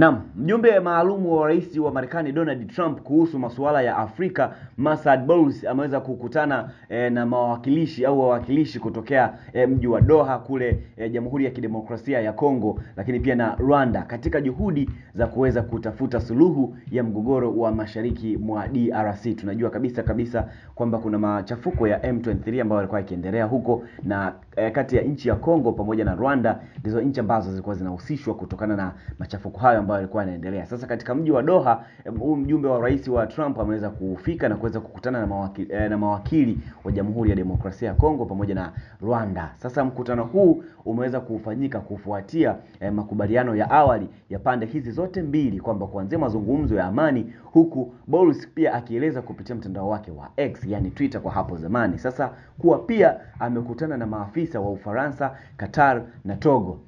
Naam, mjumbe maalumu wa rais wa Marekani Donald Trump kuhusu masuala ya Afrika Masad Boulos ameweza kukutana e, na mawakilishi au wawakilishi kutokea e, mji wa Doha kule e, Jamhuri ya Kidemokrasia ya Kongo, lakini pia na Rwanda katika juhudi za kuweza kutafuta suluhu ya mgogoro wa mashariki mwa DRC. Tunajua kabisa kabisa kwamba kuna machafuko ya M23 ambayo yalikuwa yakiendelea huko na e, kati ya nchi ya Kongo pamoja na Rwanda ndizo nchi ambazo zilikuwa zinahusishwa kutokana na machafuko hayo ambayo ilikuwa inaendelea. Sasa katika mji wa Doha, huu mjumbe wa rais wa Trump ameweza kufika na kuweza kukutana na mawakili, eh, na mawakili wa Jamhuri ya Demokrasia ya Kongo pamoja na Rwanda. Sasa mkutano huu umeweza kufanyika kufuatia eh, makubaliano ya awali ya pande hizi zote mbili kwamba kuanzia mazungumzo ya amani, huku Boris pia akieleza kupitia mtandao wake wa X, yani Twitter kwa hapo zamani, sasa kuwa pia amekutana na maafisa wa Ufaransa, Qatar na Togo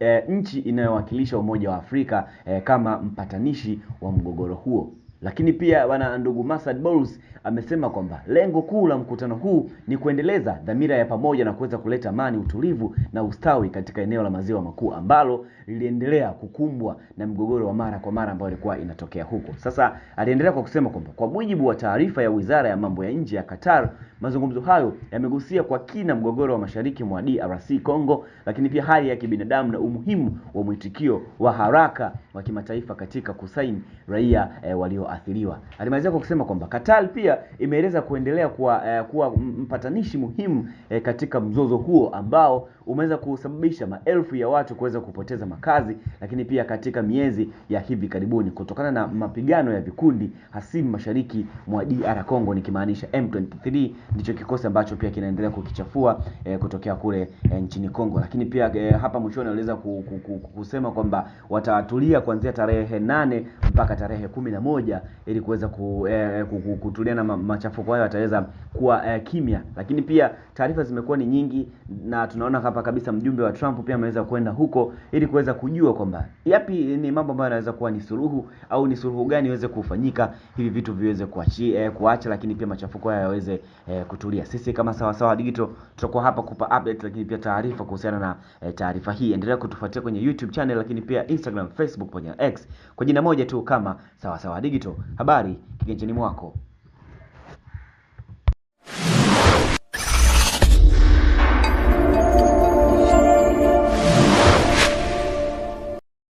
e, nchi inayowakilisha Umoja wa Afrika e, kama mpatanishi wa mgogoro huo. Lakini pia bwana ndugu Masad Bowles amesema kwamba lengo kuu la mkutano huu ni kuendeleza dhamira ya pamoja na kuweza kuleta amani, utulivu na ustawi katika eneo la maziwa makuu ambalo liliendelea kukumbwa na mgogoro wa mara kwa mara ambayo ilikuwa inatokea huko. Sasa aliendelea kwa kusema kwamba kwa mujibu wa taarifa ya Wizara ya Mambo ya Nje ya Qatar, mazungumzo hayo yamegusia kwa kina mgogoro wa mashariki mwa DRC Congo, lakini pia hali ya kibinadamu na umuhimu wa mwitikio wa haraka wa kimataifa katika kusaini raia eh, walio walioathiriwa. Alimalizia kwa kusema kwamba Qatar pia imeeleza kuendelea kuwa, eh, kuwa mpatanishi muhimu eh, katika mzozo huo ambao umeweza kusababisha maelfu ya watu kuweza kupoteza makazi, lakini pia katika miezi ya hivi karibuni kutokana na mapigano ya vikundi hasimu mashariki mwa DR Congo, nikimaanisha M23 ndicho kikosi ambacho pia kinaendelea kukichafua eh, kutokea kule eh, nchini Kongo, lakini pia eh, hapa mwishoni aliweza kusema kwamba watatulia kuanzia tarehe nane mpaka tarehe kumi na moja ili kuweza ku, eh, kutulia na machafuko hayo ataweza kuwa eh, kimya. Lakini pia taarifa zimekuwa ni nyingi, na tunaona hapa kabisa mjumbe wa Trump pia ameweza kwenda huko ili kuweza kujua kwamba yapi ni mambo ambayo yanaweza kuwa ni suluhu au ni suluhu gani iweze kufanyika, hivi vitu viweze kuachi, eh, kuacha, lakini pia machafuko hayo yaweze eh, kutulia. Sisi kama sawa sawa Digital tutakuwa hapa kupa update, lakini pia taarifa kuhusiana na eh, taarifa hii. Endelea kutufuatia kwenye YouTube channel, lakini pia Instagram, Facebook pamoja na X kwa jina moja tu kama Sawasawa Digital, habari kiganjani mwako.